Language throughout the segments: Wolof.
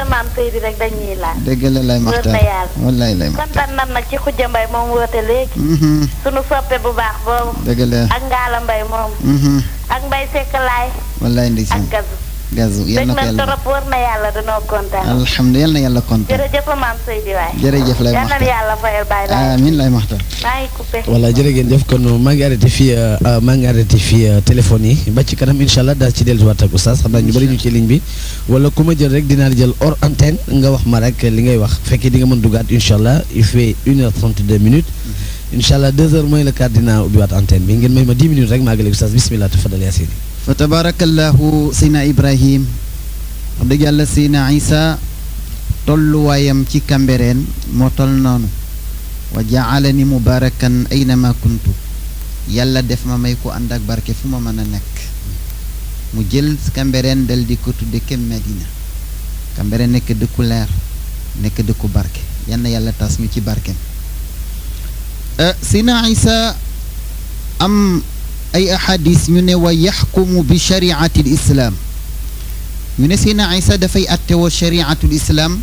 sa maam Seydi rek dañuy laal. dëgg lay maxtaan wër na yàlla wallaay lay maxtaan nag ci Khoudia Mbaye moom woote léegi. Mm-hmm. sunu soppe bu baax boobu. dëgg la ak Ngala Mbaye moom. Mm-hmm. ak Mbaye Seck laay. wallaay ndeysaan ak Gazu. Gazo yal na ko yàlla trop war na yàlla danoo kontaan. alhamdulilah yal na yàlla kontaan. jërëjëf maam Seydi waay. jërëjëf lay maxta yàlla fayal bàyyi laay. amiin lay maxta. maa ngi coupé. voilà jërë ngeen jëf kon maa ngi arrêté fii euh, maa ngi arrêté fii euh, téléphone yi ba ci kanam incha allah daal ci dellusiwaat ak oustaz xam naa ñu bëri ñu ci ligne bi. wala ku ma jël rek dinaa jël hors antenne nga wax ma rek li ngay wax fekkee di nga mën dugaat incha allah il fait une heure trente deux minutes. Mm-hmm. incha allah deux heures mooy le quart dinaa ubbiwaat antenne bi ngeen may ma dix minutes rek maa ngi léegi oustaz bismillah tafadal Yacine fa tabaarakallaahu seyna ibrahim wax dëgg yàlla seyna isa tolluwaayam ci kambereen moo tol noonu wa jaalani mubaarakan aynama kuntu yàlla def ma may ko ànd ak barke fu ma mën a nekk mu jël kambereen dal di ko tudde kem Medina kambereen nekk dëkku leer nekk dëkku barke yann yàlla tas ñu ci barke eh, seyna أي أحاديث من ويحكم بشريعة الإسلام من سينا عيسى دفاي أتوا شريعة الإسلام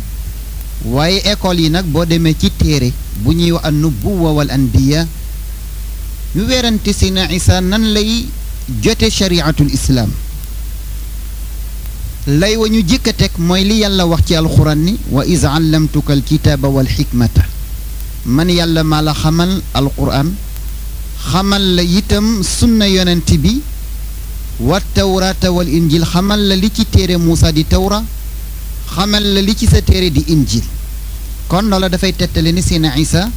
واي أقولي نك بودي مكي تيري بنيو النبوة والأنبياء نويران تسينا عيسى نن لي جت شريعة الإسلام لاي ونيو جيكتك مويلي يلا وقتي القرآن وإذا علمتك الكتاب والحكمة من يلا مالا خمل القرآن xamal la itam sunna yonent bi wa tawrata wal injil xamal la li ci téere Muusa di tawra xamal la li ci sa téere di injil kon loola dafay tettale ni seen Isa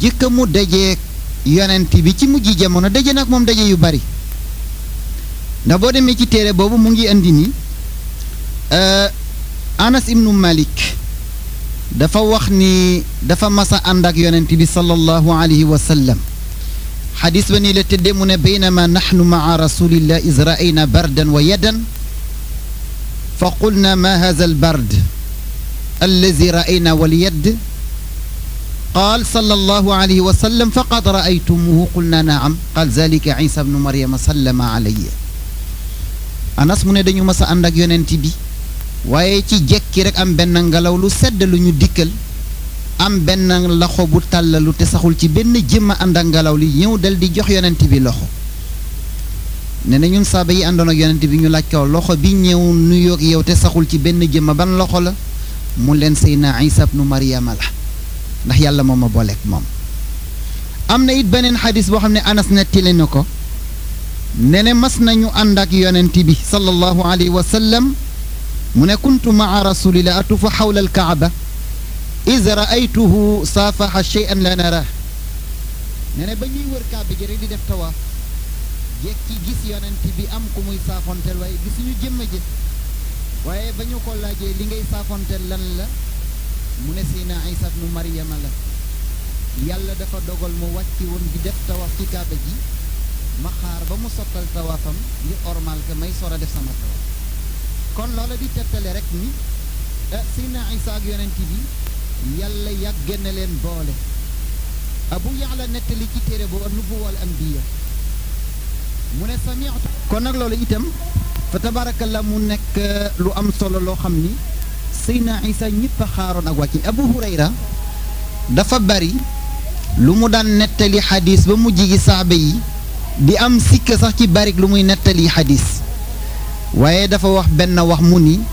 jëkka mu dajeek yonent bi ci mujj jamono daje nag moom daje yu bari ndax boo demee ci téere boobu mu ngi indi ni Anas ibnu Malik dafa wax ni dafa masa ànd ak yonent bi sallallahu alayhi wa sallam حديث بني لتدمنا بينما نحن مع رسول الله إذ رأينا بردا ويدا فقلنا ما هذا البرد الذي رأينا واليد قال صلى الله عليه وسلم فقد رأيتموه قلنا نعم قال ذلك عيسى بن مريم سلم علي أنا mu دنيو dañu أندك a ànd ak yonent bi أم ci سدلو rek am am ben loxo bu talalu te saxul ci ben jëmm andangalaw li ñëw dal di jox yonent bi loxo ne na ñun saaba yi andon ak yonent bi ñu lacc loxo bi ñëw nu yok yow te saxul ci ben jëmm ban loxo la mu len sayna Isa ibn maryam la ndax yàlla moma bolek mom amna it benen hadith bo xamne Anas nettali na ko ne ne mas nañu andak yonent bi sallallahu alayhi wa sallam mu ne kuntu maa rasulillahi atufu hawla xawla alkaaba إذا رأيته صافح شيئا لا نراه نانا بني وركا بجري دي دف تواف يكي جيس يوننتي بي أم كومي صافون تل واي جيس يو جيس واي بنيو كولا جي لنجي صافون تل لن لا منسينا عيسى بن مريم لا يالا دفا دوغل مو واتي ون بي دف تواف كيكا بجي مخار بمو سطل توافم كمي سورة دف سما تواف كون لولا دي تتل ركني أه، سينا عيسى بن مريم yàlla yagne len bolé boole abu yàlla nettali ci téré bo nubu wal anbiya mune ne kon nak loolu itam fa tabarakallah mu nek lu am solo lo xamni sayna Isa ñëpp xaron ak wàcc Abu Hurayra dafa bari lu mu daan nettali hadith ba mu jigi saaba yi di am sikk sax ci bari lu muy nettali hadith waye dafa wax ben wax muni ni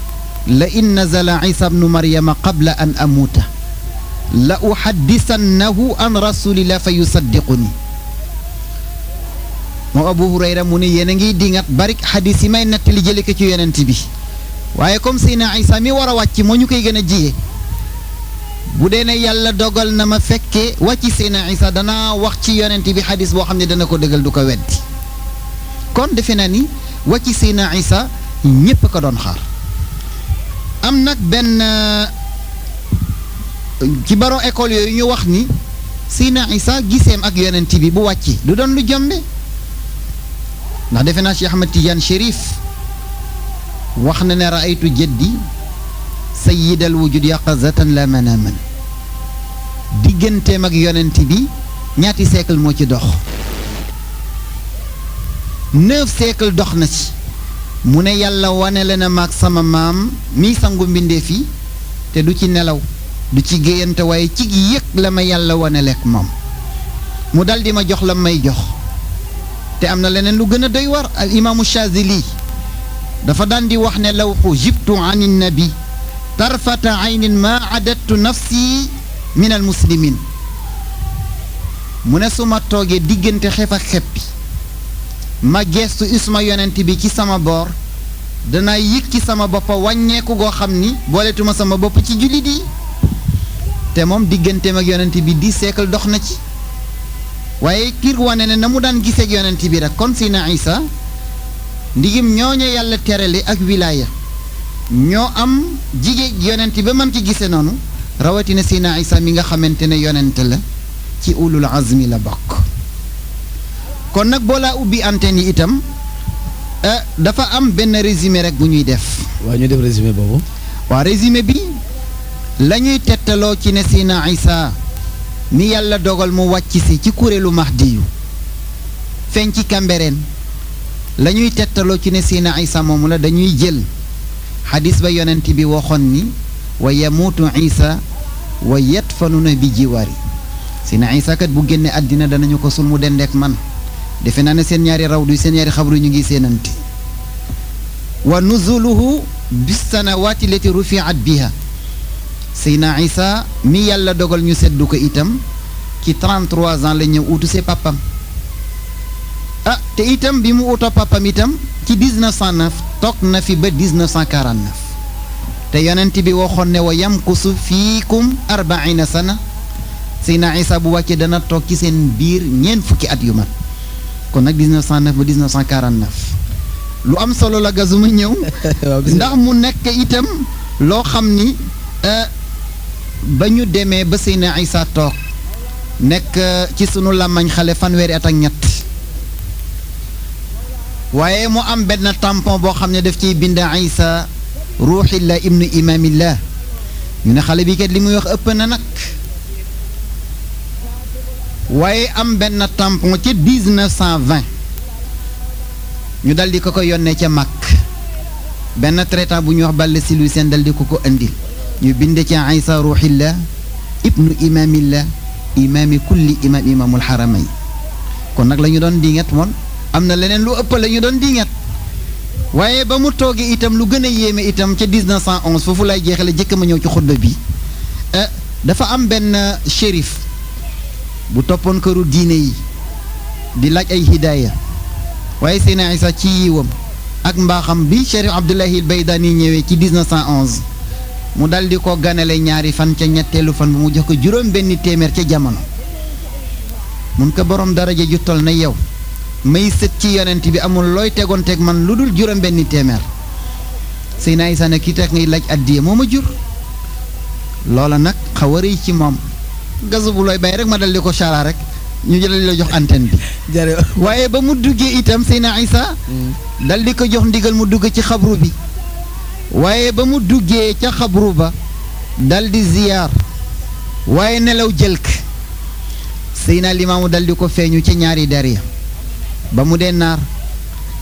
la in nazala Isa bnu Maryama qabla an amuuta la uhaddisannahu an rasulillah fa yusaddiquni moom abu hurayra mu ne yéen a ngi dingat barik xadis yi may nettali jële ko ci yonent bi waaye comme sayna isa mi war a wàcc moo ñu koy gën a jiyee bu dee ne yàlla dogal na ma fekkee wàcc sayna isa danaa wax ci yonent bi xadis boo xam ne dana ko dëggal du ko weddi kon defe naa ni wàcc sayna isa ñépp a doon xaar am nag benn ci baro école yooyu ñu wax ni Sina Isa giseem ak yonent bi bu wàcci du doon lu jombe ndax defe naa Cheikh Ahmad Tidiane Chérif wax na ne raaytu jëddi sayidal wujud yaqazatan la manaman digganteem ak yonent bi ñaati siècle moo ci dox neuf siècle dox na ci mu ne yàlla wane la na sama maam mi sangu mbindeef yi te du ci nelaw du ci géyante waaye ci yëg la ma yàlla wane lekk moom mu daldi ma jox la may jox te am na leneen lu gën a doy war al imaamu lii dafa daldi wax ne lawxu jibtu an bi tarfata aynin ma adattu nafsi min al muslimin mu ne su ma toogee diggante xef ak xeppi ma geestu isma yonent bi ci sama boor danaa yëg ci sama bopp wàññeeku goo xam ni booletuma sama bopp ci jullit yi te moom digganteem ak yonent bi di seekal dox na ci waaye kiir wane ne na mu daan giseeg yonent bi rek kon si na isa ndigim ñooñu yàlla terale ak wilaaya ñoo am jigéen yonent ba mën ci gisee noonu rawatina si na isa mi nga xamante ne yonent la ci ulul azmi la bokk kon nag boo laa ubbi antenne yi itam eh, dafa am benn résumé rek bu ñuy def. waaw ñu boobu. waa résumé bi. lañuy tettaloo ci ne sina isa mi yàlla dogal mu wàcc si ci kuréelu mahdiyu feeñ ci Cambérène lañuy tettaloo ci ne sina isa moomu la dañuy jël xadis ba yonent bi waxoon ni wa yamuutu isa wa ne bi jiwaari sina isa kat bu génne àddina danañu ko sul mu dendeek man defe naa ne seen ñaari rawdu seen ñaari xabru ñu ngi seenanti wa nuzuluhu bis sanawaati lati rufiat biha Sayna Isa mi yalla dogal ñu seddu ko itam ci 33 ans la ñew utu ses papam ah te itam bi mu outo papam itam ci 1909 tok na fi ba 1949 te yonent bi waxon ne wa yamkusu fiikum 40 sana Sayna Isa bu wacce dana tok ci sen bir ñen fukki at yu mat kon nak 1909 ba 1949 lu am solo la gazuma ñew ndax mu nek itam lo xamni euh bañu démé ba Seyna Issa tok nek ci sunu lamagne xale fanwéri at ak ñett wayé mu am benn tampon boo xam ne daf ciy bind la ibn imam allah ñu ne xale bi kat limu wax ëpp na nak wayé am benn tampon ci 1920 ñu daldi di ko ko yónnee ca mag benn traitant bu ñu wax bàll ci lui sen daldi di ko ko indil ñu bind ca Isa ruuxillah ibnu imaamillah imaami kulli imaam imaamul xaramay kon nag la ñu doon diŋet moon am na leneen lu ëpp la ñu doon diŋet waaye ba mu toogee itam lu gën a yéeme itam ca 1911 foofu lay jeexale jëkk ma ñëw ci xutba bi dafa am benn shérif bu toppoon këru diine yi di laaj ay hidaaya waaye Seydina Isa ci yiwam ak mbaaxam bi shérif Abdullahi al Baydani ñëwee ci 1911 mu dal di ko ganale ñaari fan ca ñetteelu fan ba mu jox ko juróom benn téeméer ca jamono mun ko borom daraja ju tol na yow may sët ci yonent bi amul looy tegoon teg man lu dul juróom benn téeméer sëy naa Isaa ne kii teg ngay laaj addiye moo ma jur loola nag xaw a rëy ci moom gasu bu looy bay rek ma dal di ko chara rek ñu jëlal la jox antenne bi waaye ba mu duggee itam sëy naa Isaa mm. dal di ko jox ndigal mu dugg ci xabru bi waye ba mu duggee ca xabru ba daldi ziyaar waaye nelaw jëlk Seydina Limaamu daldi ko feñu ci ñaari dar ya ba mu dee naar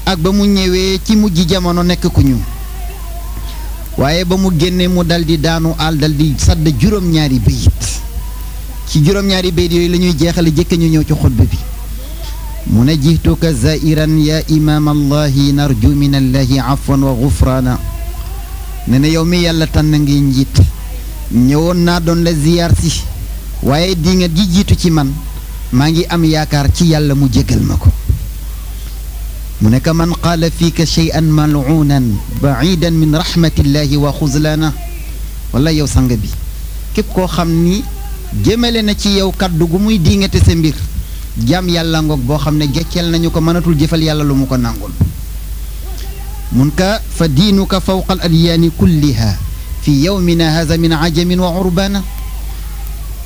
ak ba mu ñëwee ci mujj jamono nek ku ñu waye ba mu génne mu daldi daanu àll daldi sadd juróom-ñaari bayit ci juróom-ñaari bayit yoy la ñuy jeexale jëkk ñu ñëw ci khutba bi mu زائرا يا إمام الله نرجو من الله عفوا وغفرانا ne yow mi yàlla tànn ngi njiit ñëwoon naa doon la ziyaar si waaye di ji jiitu ci man maa ngi am yaakaar ci yàlla mu jégal ma ko mu nekk man qaala fiika shay'an mal'uunan ba'idan min rahmatillahi wa xuzlaana wala yow sang bi képp koo xam ni jëmale na ci yow kaddu gu muy diingate sa mbir jaam yàlla ngoog boo xam ne gecceel nañu ko mënatul jëfal yàlla lu mu ko nangul منك فدينك فوق الأديان كلها في يومنا هذا من عجم وعربان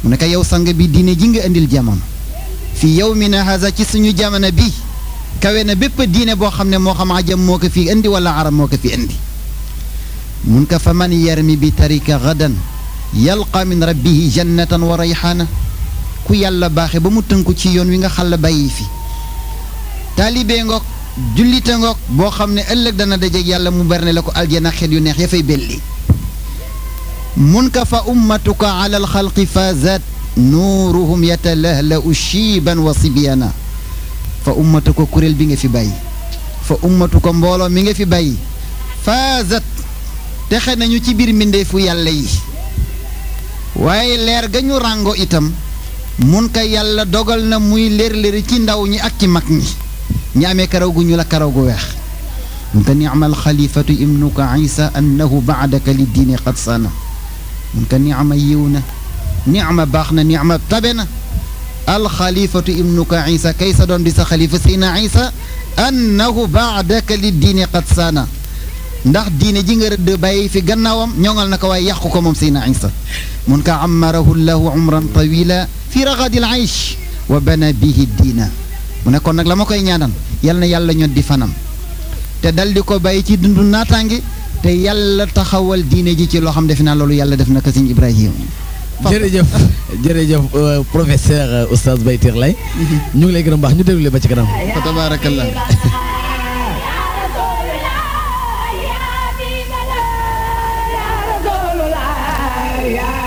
منك يو سانغ بي دين جينغ انديل جامون في يومنا هذا ci suñu jamono bi kawé na bépp diiné boo xam ne moo xam ajam moo ko fi indi wala arab moo ko fi indi منك فمن يرمي بترك غدا يلقى من ربه جنة وريحانة ku yàlla baaxe ba mu tënku ci yoon wi nga xàll bàyyi fi taalibe ngoog jullite ngoog boo xam ne ëllëg dana dajeeg yàlla mu berne la ko aljana xet yu neex ya fay belli mun ka fa ummatuka ala alxalqi fazat nuuruhum yatalahlau shiiban wa sibyana fa ummatuka kuréel bi nga fi bàyyi fa ko mbooloo mi nga fi bàyyi faazat texe nañu ci biir mbindeefu yàlla yi waaye leer ga ñu ràngo itam mun ka yàlla dogal na muy léer ci ndaw ñi ak ci mag ñi ñi amee karaw gu ñuul ak karaw gu weex mun ka ni'mal xalifatu ibnuka isa annahu baadaka li diini qad sana mun ka ni'ma yiw na ni'ma baax na ni'ma tabe na alxalifatu ibnuka isa kay sa doom di sa xalifa sayna isa annahu baadaka li diini qad sana ndax diine ji nga rëdd bàyyi fi gannaawam ñoŋal na ko waaye yàqu ko moom sayna isa mun ka ammarahu llahu umran tawila fi ragadil aish wa bana bihi diina mu ne kon nag la ma koy ñaanal yal na yàlla ñoon di fanam te dal di ko bàyyi ci dund naataange te yàlla taxawal diine ji ci loo xam ne defe naa loolu yàlla def na ko sëñ Ibrahima. jërëjëf jërëjëf euh, professeur euh, oustaz Baytir Lay mhm. ñu ngi lay gërëm baax ñu déglu ba ci kanam. fa tabarakallah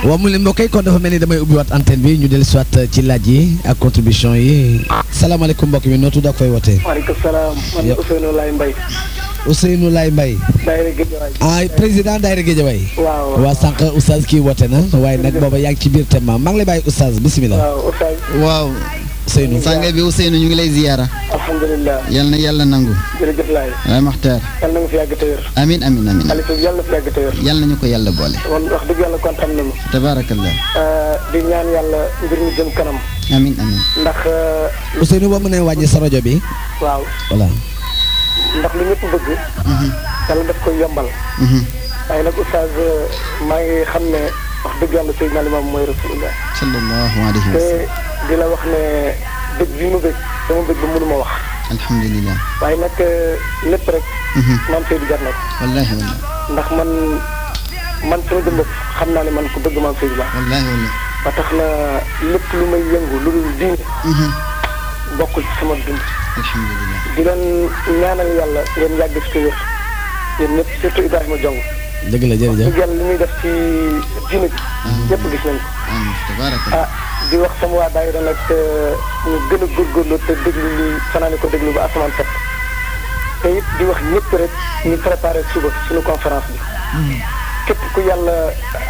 waaw mu leen mbokk yi kon dafa mel ni damay ubbiwaat antenne bi ñu dellu si euh, ci laaj yi ak contribution yi salaamaaleykum mbokk mi nootu tudd ak fay wootee. waaleykum salaam man Ousseynou Laye Mbaye. Ousseynou Laye Mbaye. Daayira Géejawaay. ah président Daayira Géejawaay. waaw waaw kii woote na waaye nag booba yaa ngi ci biir thème maa ngi lay bàyyi oustaz bisimilah. waaw oustaz. waaw Ousseynou. sànq ñu ngi lay ziyaara. alhamdulilah yal na yàlla nangu jërëjëf laay waay Maxtaar yal na nga fi yàgg te wér amin amin amin Aliou Sow yal na fi yàgg te wér yal nañu ko yàlla boole wan wax dëgg yàlla euh, di ñaan yàlla mbir mi jëm kanam amin amin ndax euh, Ousseynou boo mënee wàññi sa rajo bi waaw ndax lu ñëpp bëgg mm-hmm. yàlla daf koy yombal mm-hmm. waaye nag oustaz euh, maa ngi xam wax dëgg yàlla Seydina Limaam mooy rasulullah sallallahu alayhi wa sallam di la wax ne bëgg bi ma bëgg wax alhamdulilah. waaye nag euh, lépp rek. Mhm. maam Seydou jar na ko. wallaahi wallaahi. ndax man man sama jëmbat xam naa ne man ku bëgg maam Seydou laa. wallaahi wallaahi. ba tax na lépp lu may yëngu lu dul diine. Mhm. bokkul ci sama dund. alhamdulilah di leen ñaanal yàlla ngeen yàgg ci wér. yéen ñëpp surtout Ibrahima Jong. dëgg la jërëjëf wax dëgg li muy def ci diine bi. ñëpp gis nañ ko. ah di wax sama waa daayira nag ñu gën a góorgóorlu te déglu li fanaani ko déglu ba asamaan set te it di wax ñëpp rek ñu préparé suba suñu conférence bi. képp ku yàlla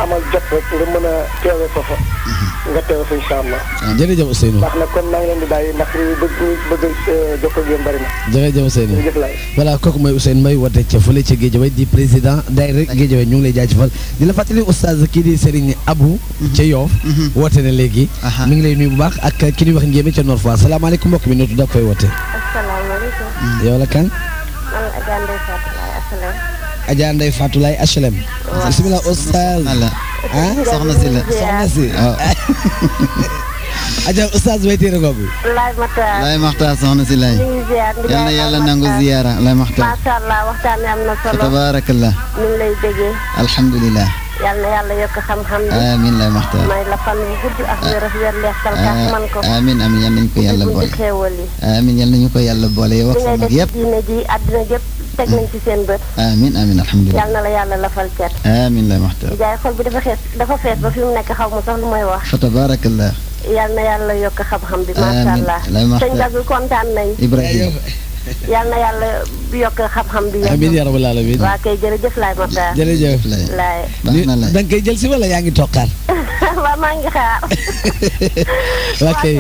amal jot rek nga mën a teewe ko fa. Mhm. nga teewe fa incha allah. waaw ah, jërëjëf Ousseynou. ndax nag kon naa ngi leen di bàyyi ndax ñu bëgg ñu bëgg euh, jokkoo ak yéen bëri na. jërëjëf Ousseynou jërëjëf laay. voilà kooku mooy Ousseynou Mbaye woote ca fële ca Guédiawaye di président daayira Guédiawaye ñu ngi lay jaajëfal di la fàttali oustaz kii di Serigne Abou. Mhm. ca Yoff. Mhm. woote na léegi. mi ngi lay nuyu bu baax ak ki ñuy wax Ndiémé ca Nord Foire salaamaaleykum mbokk mi nootu da koy woote. asalaamaaleykum. Adja Ndeye Fatou Laye HLM. bisimilah oustaz. ah soxna si la soxna si waaw. Adja oustaz bay téere googu. Laye Makhtar Laye Makhtar soxna si Laye. yalla yàlla nangu ziyaara Laye Makhtar. macha allah waxtaan am na solo. tabarakallah min lay dege alhamdulillah yal na yàlla yokk xam-xam bi. amiin Laye Makhtar. may la fan yu gudd ak wér ak wér lekkal ka man ko. amiin amiin yal nañu ko yàlla boole. amiin yal nañu ko yàlla boole yow ak sama di nga yëpp. teg nañ ci seen bët. amiin amiin alhamdulilah yal na la yàlla lafal cat. amiin lay waxtaan. jaay xol bi dafa xees dafa fees ba fi mu nekk xaw ma sax lu may wax. fa tabaarakallah. yal na yàlla yokk xam-xam bi. amiin macha allah sëñ Gagu kontaan nañ. Ibrahima. yal na yàlla yokk xam-xam bi. amiin yaa rabbal aalamiin. waa kay jërëjëf laay da koy jël si wala yaa ngi tokkaar. waaw maa ngi xaar. waa kay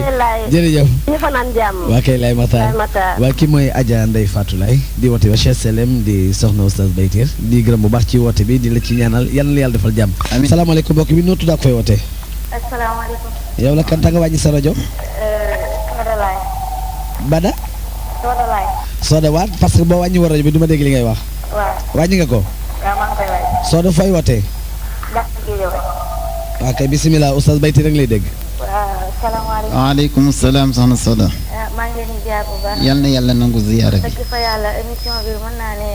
jërëjëf. ñu waa kay ki mooy Adja Ndeye Fatou Laye di woote ba HLM di soxna Oustaz Baytir di gërëm bu baax ci woote bi di la ci ñaanal yal na yàlla defal jàmm. amiin salaamaaleykum mbokk bi noo tudd ak fooy wootee. la kan ta wàññi sa rajo. Euh, Bada. wala Soda waat parce que boo wàññiwoon rajo bi duma ma dégg li ngay wax. waaw wàññi nga ko. waaw maa ngi koy wàññi. Soda fooy wootee. waaw kay bisimilah oustaz Bayti rek lay dégg. waaw salaamaaleykum. waaleykum salaam soxna Soda. maa ngi leen di ziar bu baax. yal na yàlla nangu ziyaara bi. dëgg fa yàlla émission bi mën naa ne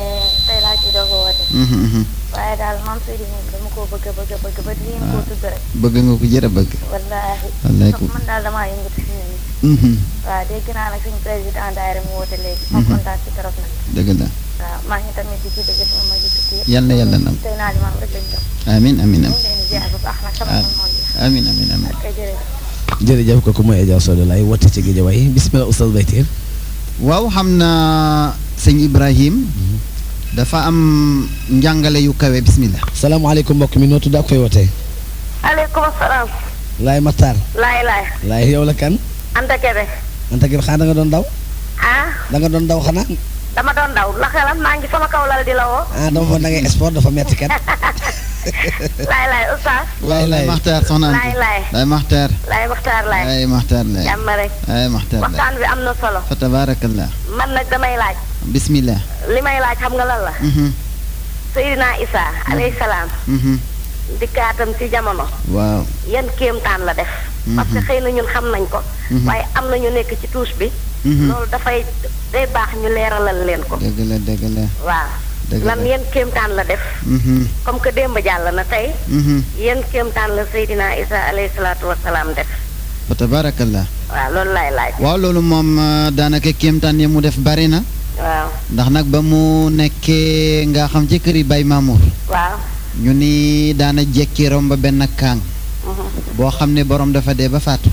tey laa ci doog a woote. Mhm, mhm. waaye daal maam Seydi moom dama koo bëgg bëgg bëgg ba di ngeen koo ah. tudd rek. bëgg nga ko jërë bëgg. wallaahi. wallaahi ko man daal damaa yëngatu fi mu ne nii. Mhm. waaw dégg naa nag suñu président daayira mu woote léegi. ma kontaan ci trop nag. dëgg la. waaw maa ngi tamit di ci dëgg sama mag yi tukki yëpp. yal na yàlla nangu tey naa li maam rek lañ jox. amiin amiin amiin. ñu ngi leen di ziar bu baax nag sama ah. amin amin amin jërëjëf kooku mooy Adja Sodo laay woote ci Guédiawaye bisimilah oustaz Baytir waaw xam naa sëñ Ibrahim mhm. dafa am njàngale yu kawe bisimilah. salaamaaleykum mbokk mi noo tudd ak fay wootee. aleykum salaam. laay Matar. laay laay. laay yow la kan. Anta Kebe. Anta Kebe xanaa da nga doon daw. ah. da nga doon daw xanaa. dama doon daw la xelam maa ngi sama kaw lal di la woo. ah dama foog da ngay sport dafa metti kat. laay laay oustaz. laay laay maxtaar soxna laay laay laay maxtaar. laay maxtaar laay laay maxtaar laay. jàmm rek laay maxtaar laay waxtaan bi am na solo. fa tabaarakallah. man nag damay laaj. bismillah. li may laaj xam nga lan la. Seydina Isa mhm. alayhi salaam. Mhm. dikkaatam ci jamono. waaw yan kéemtaan la def. Mhm. parce que xëy na ñun xam nañ ko. waaye am na ñu nekk ci tuus bi. loolu dafay day baax ñu leeralal leen ko. dëgg la dëgg la waaw. lan yan kéemtaan la mhm. mhm. waaw loolu moom euh, daanaka kéemtaan yi mu def bari na ndax nag ba mu nekkee nga xam ci kër yi Baye Mamour waaw ñu ni daana jekki romb benn kaang mhm. boo xam ne boroom dafa dee ba faatu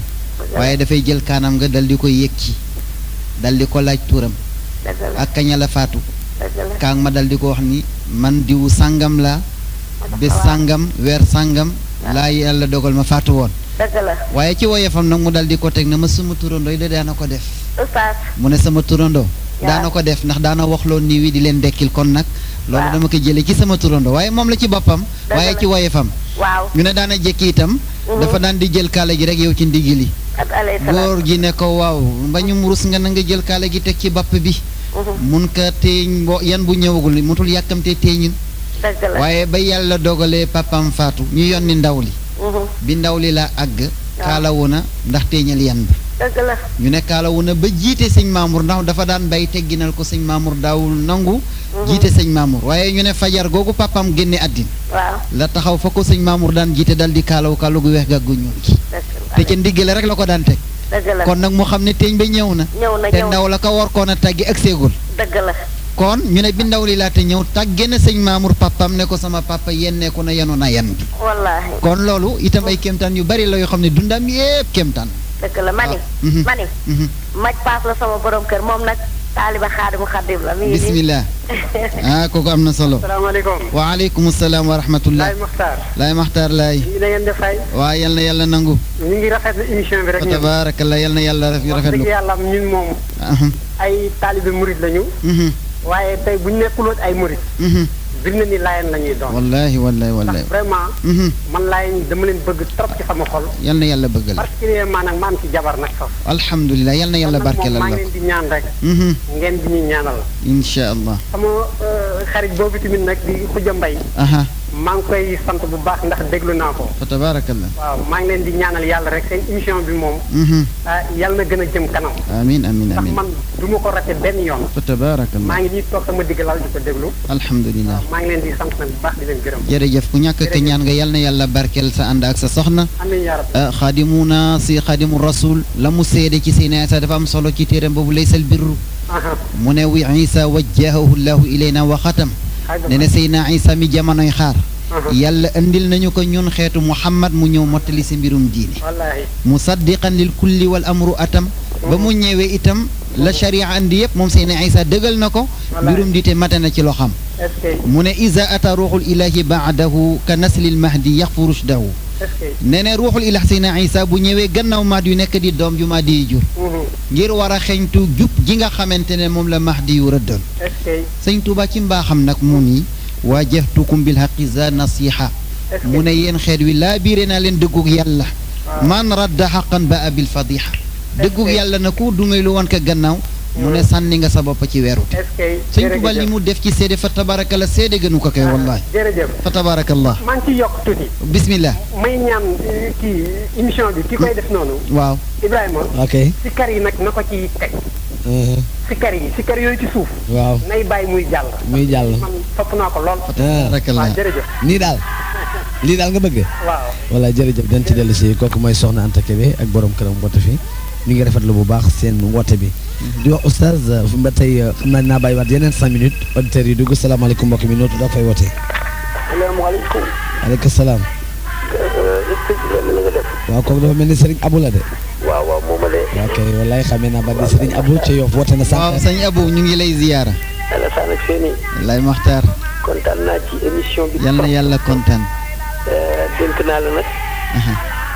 waaye dafay jël kaanam nga dal di ko yëg ci dal di ko laaj tuuram ak kaña faatu Kang ma dal di ko wax ni man diwu sangam la be sangam wer sangam la yalla dogal ma fatu won waye ci woyefam nak mu dal di ko tek na ma sumu turondo yi de daana ko def mu ne sama turandoo ya. daana ko def ndax daana waxloo niiw yi di len dekil kon nak lolu dama ko jele ci sama turondo waye mom la ci bopam waye ci woyefam ñu ne daana jekki itam mhm. dafa dan di jël kala gi rek yow ci ndigili gor gi ne ko waw mbañum rus nga na nga jël kala gi tek ci bop bi mun ka téeñ bo yan bu ñëwagul ni mutul yàkkamtee téeñin waaye ba yàlla dogalee papam faatu ñu yonni ndaw li mhm. bi ndaw li la àgg kaalawu na ndax téeñal yan ba ñu ne kaalawu na ba jiite sëñ Mamour ndax dafa daan bay tegginal ko sëñ Mamour daawul nangu mhm. jiite sëñ Mamour waaye ñu ne fajar googu papam génne àddina la taxaw fa ko sëñ Mamour daan jiite dal di kaalawu gu weex gàggu ñuul gi te ca ndigg la rek la ko daan teg dëgg la kon nag mu xam ne teeñ ba ñëw na. ñëw na te ndaw la ko war koon a tàggi ak la. kon ñu ne bi ndaw li laata ñëw tàgge na sëñ Mamour papam ne ko sama papa yenneeku na yenu na yan gi. wallaahi kon loolu itam ay kéemtaan yu bari la yoo xam ne dundam yépp kéemtaan. dëgg la mani. Ah. Mhm. mani. Mhm. maj paas la sama borom kër moom nag. طالبه خادمه خادمه مين بسم الله اه كوكو امنا صلو السلام عليكم وعليكم السلام ورحمه الله لاي مختار لاي مختار لاي لا يند فاي وا يلنا يلا نانغو نيغي رافيت ايميشن بي رك تبارك الله يلنا يلا رافي رافيت نوك يلا نين موم اي طالب مريد لا نيو واي تاي بو نيكولوت اي مريد bir na ni laayeen la ñuy doon. wallaahi wallaahi wallaahi. ndax vraiment. Mhm. man laayeen dama leen bëgg trop ci sama xol. yal na yàlla bëggal. particulièrement nag ma am ci jabar nag sax. alhamdulilah yal na yàlla barkeelal la maa ngi leen di ñaan rek. Mhm. ngeen di ñuy ñaanal. incha allah. sama euh, xarit boobu tamit nag di Khoudia Mbaye. maa ngi koy sant bu baax ndax déglu naa ko. fa tabaarakallah. waaw maa ngi leen di ñaanal yàlla rek seen émission bi moom. yàlla na gën a jëm kanam. amiin amiin amiin ndax man du ma ko rate benn yoon. fa tabaarakallah maa ngi nii toog sama digg laal di ko déglu. alhamdulilah maa ngi leen di sant nag bu baax di leen gërëm. jërëjëf ku ñàkk te ñaan nga yàlla na yàlla barkeel sa ànd ak sa soxna. amiin yaa rabbi. xaadimuna si xaadimu rasul. la mu seede ci seen sa dafa am solo ci téeram boobu laysal birru mu ne wi isa wajjahahu llahu ilayna wa xatam nee sayna Isa mi jamonoy xaar yàlla andil nañu ko ñun xetu muhammad mu ñëw motali si mbirum diine musaddiqan lil kulli wal amru atam ba mu ñewé itam la sharia andi yep mom sayna Isa deegal nako mbirum diite mate ci lo xam mune iza isa ata ruuxul ilahi ba'dahu ka al mahdi yaxfu rushdahu nene ruhul ilah sayna Isa bu ñewé gannaaw maat yu nekk di dom ju Mahdi yi jur ngir wara xeyntu jup gi nga xamantene mom la Mahdi yu rëddoon sëñ touba ci mbaaxam nag mu ni waajahtukum bil haqqi za nasiha mu ne yéen xeet wi la birena len dëggug yàlla man radda haqqan ba bil fadiha dëggug yàlla nak du ngay lu won ka gannaaw mu ne sànni nga sa bopp ci weeru te sëñ Tuba li mu def ci séede fa tabaarakalla séede gënu ko koy ah, wallaay jërëjëf fa tabaarakallah maa nii eh, uh-huh. ah, daal. lii daal nga bëgg. waaw. voilà jërëjëf dañ ci dellu si kooku mooy Soxna Anta Kébé ak borom këram mbott fi. ñu ngi lu bu baax seen woote bi. di wax oustaz ba tey xam naa naa bàyyiwaat yeneen cinq minutes auditeurs yi dugg salaamaaleykum mbokk mi nootu da fay woote. salaamaaleykum. aleykum salaam. waaw kooku dafa mel ni Serigne Abou la de. waaw waaw moom la de. ok walaay xamee naa ba di Serigne Abou ca Yoff woote na. waaw sëñ Abou ñu ngi lay ziyaara. alasaan ak seen i. lay Maxtaar. kontaan naa ci émission bi. yal na yàlla kontaan. Eh, dénk naa la nag.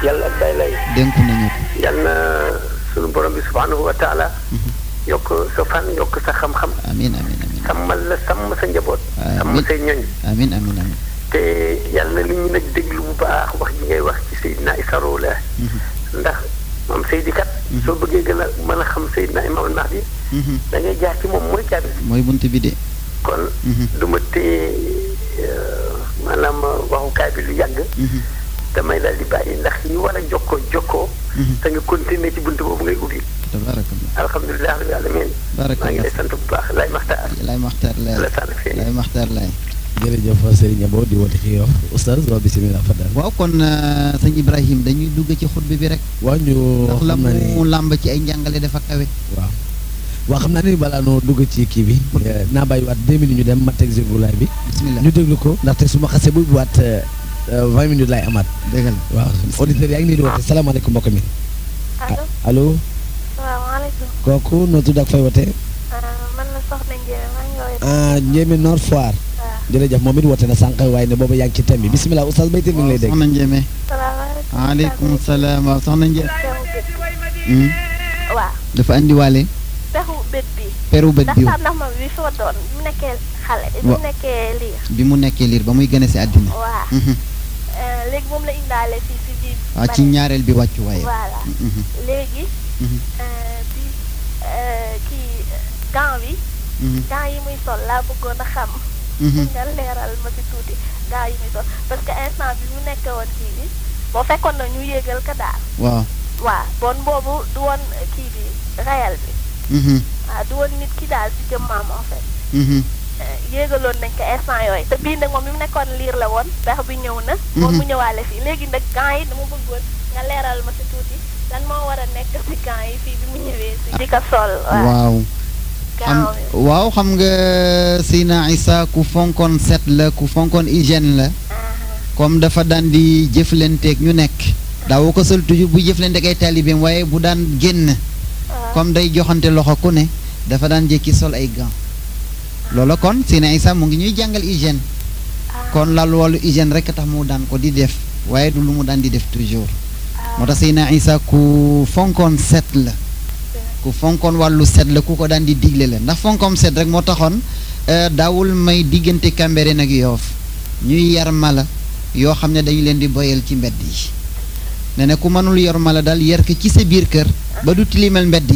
yàlla ak bay lay. dénk nañu ko. sunu borom bi subhaanahu wa taala mhm. yokk sa fan yokk sa xam-xam. amiin amiin sàmmal la sàmm sa njaboot. amiin sàmm say ñoñ. amiin amiin amiin. te li ñu nag déglu bu baax wax ji ngay wax ci Seydina Issa Rouhou Lahi mhm. ndax moom Seydi kat. Mhm. soo bëggee gën a mën a xam Seydina Imaam Mahdi. da ngay jaar ci moom mooy caabi. mooy bunt bi de. kon. du ma téye euh, maanaam waxukaay lu yàgg. damay daal di bàyyi ndax ñi war a jokkoo jokkoo. Mhm. te nga continuer ci buntu boobu ngay ubbi. alhamdulilah rabbil alamin. maa ngi lay sant bu baax Lay Maxtaar. Lay Maxtaar Lay la sant fii Lay Maxtaar Lay. jërëjëf Serigne Abo di woote ci yow oustaz waaw bisimilah Fadal. waaw kon euh, sëñ Ibrahim dañuy dugg ci xutbi bi rek. waaw ñu ndax la mu làmb ci ay njàngale dafa kawe. waaw xam naa ni balaa noo dugg ci kii bi. Eh, naa bàyyiwaat deux minutes ñu dem ma teg bi. bisimilah ñu déglu ko ndaxte su ma xasee bu Euh, vingt minutes laay amaat. dégg nga waaw auditeurs yaa ngi nii di woote salaamaaleykum mbokk mi. allo waaw ah, maaleykum. kooku noo tudd ah, la Soxna ah, jërëjëf moom it woote na sànq waaye ne boobu yaa ngi ci thème bi bisimilah oustaz Bayte mi lay dégg. Soxna Ndiémé. salaamaaleykum salaam waaw Soxna Ndiémé. Hmm? waaw. dafa andi waale. bët bi. peru bët bi ndax moom bi soo doon bi mu nekkee xale. bi mu nekkee liir. bi mu nekkee liir ba muy gën a àddina. Eh, léegi moom la indaale fii si biir. ah ci ñaareel bi wàccu waaye. voilà mm-hmm. léegi. Mm-hmm. Eh, bi eh, kii gant bi. Mm-hmm. yi muy sol laa bëggoon a xam. nga leeral ma si tuuti gant yi muy sol parce que instant bi mu nekk woon kii bi boo fekkoon na ñu yéegal ko daal. waaw waaw bon boobu du woon kii bi réel bi. waaw du woon nit ki daal si jëmmam en fait. yéegaloon nañ ko instant yooyu te bii nag moom mi mu nekkoon liir la woon ndax bi ñëw na moom mu ñëwaale fii léegi nag gants yi dama bëggoon nga leeral ma si tuuti lan moo war a nekk si gants yi fii bi mu ñëwee si di sol waaw waaw xam nga sina isa ku fonkoon set la ku fonkoon hygiène la comme dafa daan di jëflanteeg ñu nekk daawu ko sol toujours bu jëflanteeg ay taalibeem waaye bu dan génn comme day joxante loxo ku ne dafa daan jékki sol ay gants lolo kon sina isa mu ngi ñuy ijen hygiène ah. kon lal ijen hygiène rek tax mo dan ko di def waye du lu mu dan di def toujours ah. sina isa ku fonkon set la ku fonkon walu set la ku ko dan di digle la ndax fonkom set rek taxone euh dawul may diggante Cambérène nak yof ñuy yar mala yo xamne ne dañu leen di boyel ci mbedd yi ne ne ku manul yor mala dal yar ke ci sa bir kër ba du tilimal mbedd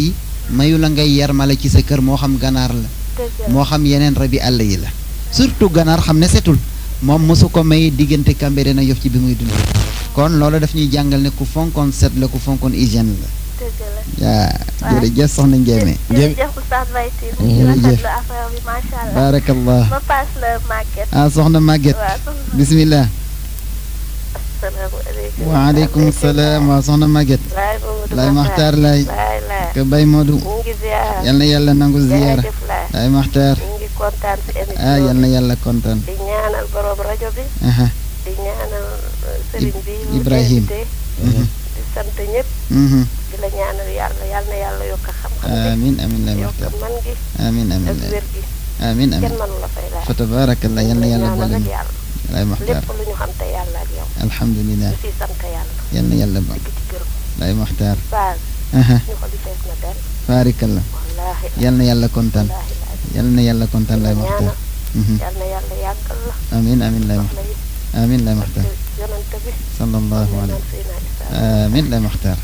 mayu la ngay yar mala ci sa kër mo xam ganar la mo xam yenen rabi àll yi la surtout ganar xam ne setul mom mosu ko may diggante Cambérène ak yof ci bi muy dund kon lolo daf ñuy jangal ne ku fonkon set la ku fonkon hygiene la waaw jërëjëf soxna Ndiémé. jërëjëf Oustaz Mbaye Sy. jërëjëf affaire bi macha allah. baarakallah. ma passe la ah soxna maget. Bismillah. wa alaykum salam wa salaam maget lay mahtar lay Maxtaar laay. bay Modou. yalla yalla ziar. ziyara ay maxtaar ñu ngi kontaan si émission ah yal na yàlla kontaan di ñaanal borom rajo bi di ñaanal sëriñ bi Ibrahim di sant ñëpp di la ñaanal yàlla yal na yàlla yokk xam-xam amin amin la maxtaar yokk man gi amin amin ak wér gi amin amin kenn mënu la fay laaj fa tabarakallah yal na yàlla boole ñu lay maxtaar lépp lu ñu xam te yàlla ak yow alhamdulilah ñu si sant yàlla yal na yàlla ba lay maxtaar faar ñu ko di fees na del baarikallah yal na yàlla kontaan yal na yàlla kontaan lay maxtaar mhm. na yàlla yàggal la amin amin lay maxtaar amin lay maxtaar sallallahu alayhi amin lay maxtaar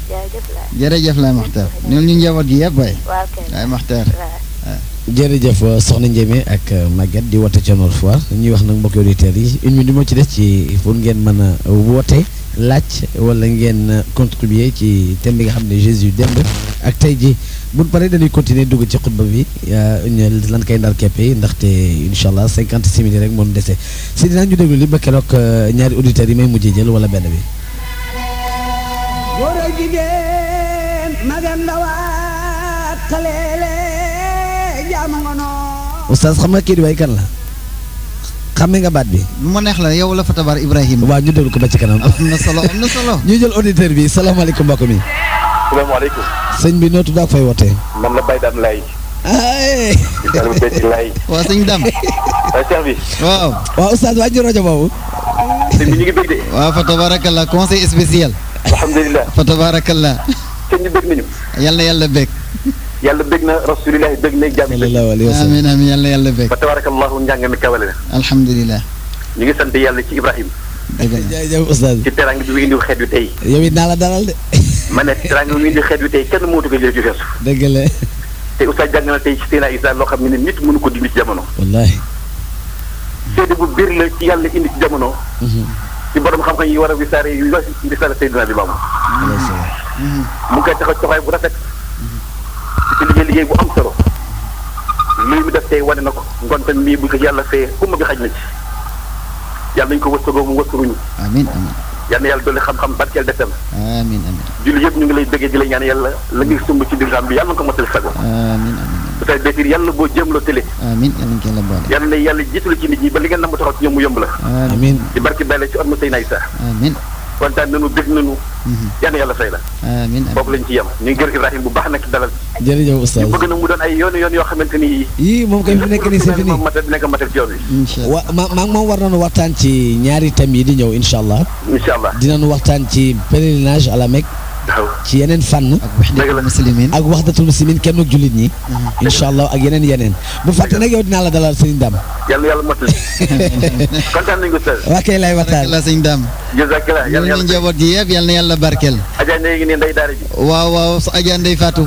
jërëjëf lay maxtaar ñu ñu njaboot gi yëpp waay lay maxtaar jërëjëf euh, soxna Ndiémé ak euh, Maguette di woote ca Nord Foire ñuy wax nag mbokki auditeurs yi une minute moo ci des ci pour ngeen mën a woote laaj wala ngeen euh, contribuer ci thème bi nga xam ne Jésus démb ak tey ji bu paré dañuy continuer dugg ci khutba bi ya, lan kay ndar képpé ndaxte inshallah 56 minutes rek moom déssé si dina ñu déglu li ba kérok euh, ñaari auditeurs yi may mujjé jël wala benn bi góor ak jigéen magan ndawaat xaleele jaama nga noon oustaz xam nga kii di way kan la xam nga baat bi mo neex la yow la fa tabar ibrahim wa ñu déglu ko ba ci kanam amna solo amna solo ñu jël auditeur bi salaamaaleykum mbokk mi salaamaaleykum. sëñ bi noo tudd ak fay wootee. man la Baye Dame Laye. waaw sëñ Dame. waaw Cheikh bi. waaw waaw oustaz waa ji rajo boobu. sëñ bi ñu ngi bëgg de. waaw fa tabarakallah conseil spécial. alhamdulilah fa tabarakallah. sëñ bi bëgg nañu. yal na yàlla bëgg. yàlla bëgg na rasulillah bëgg na jàmm. amiin amiin yàlla yàlla bëgg. fa tabarakallahu njàng mi kawale na. alhamdulilah. ñu ngi sant yàlla ci Ibrahima. dëgg la jaajëf oustaz. ci teranga bi mu indi xeet wi tey. yow it naa la dalal de. ma ne teraanga bi muy di xeet wi tey kenn mootu ko jëf feesu dëgg la te oustaz jàng na tey ci Seydina Isa loo xam ne nit mënu ko dindi ci jamono wallaahi seede bu biir la ci yàlla indi ci jamono ci borom xam-xam yi war a wisaare yu wax wisaare Seydina bi maamu mu ngi koy taxaw coxaay bu rafet ci liggéey liggéey bu am solo lii mu def tey wane na ko ngontam mii bu ko yàlla fee umma bi xaj na ci yàlla nañu ko wërsëgoo mu wërsëguñu amiin amiin yal na yàlla dolli xam-xam barkeel defam amiin amiin julli yëpp ñu ngi lay déggee di la ñaan yàlla la ngay sumb ci lislaam bi yàlla nga ko motal sago amiin amiin tey béykat yàlla boo jéem la télé amiin amiin yàlla boole yàlla na yàlla jiitu la ci nit ñi ba li ngeen na mu taxaw ci mu yomb la amiin barke Baye ci at ma kontaan nañu bég nañu. Mhm. yal na yàlla fay la. amiin amiin yem. ñu ngi bu baax nag ci dalal. jërëjëf oustaz ñu bëgg ay yoon yoon yoo xamante ni. yii moom kay fi nekk nii c'est fini moom matal nekk matal ci yoon wi. waxtaan ci ñaari thèmes yi di ñëw incha allah. incha allah dinañu waxtaan ci pèlerinage à la Mecque ci yeneen fànn ak waxdatul muslimin kenn ak jullit ñi mhm. incha allah ak yeneen yeneen bu fàtte nag yow dinaa la dalal sëñ Dame yàlla yàlla motali kontaan nañu ko waa kay lay waxtaan la sëñ Dame jazakallah yàlla njaboot gi yëpp yàlla na yàlla barkeel ajaa ndey ngi nii ndey daara ji waaw waaw sa ajaa ndey Fatou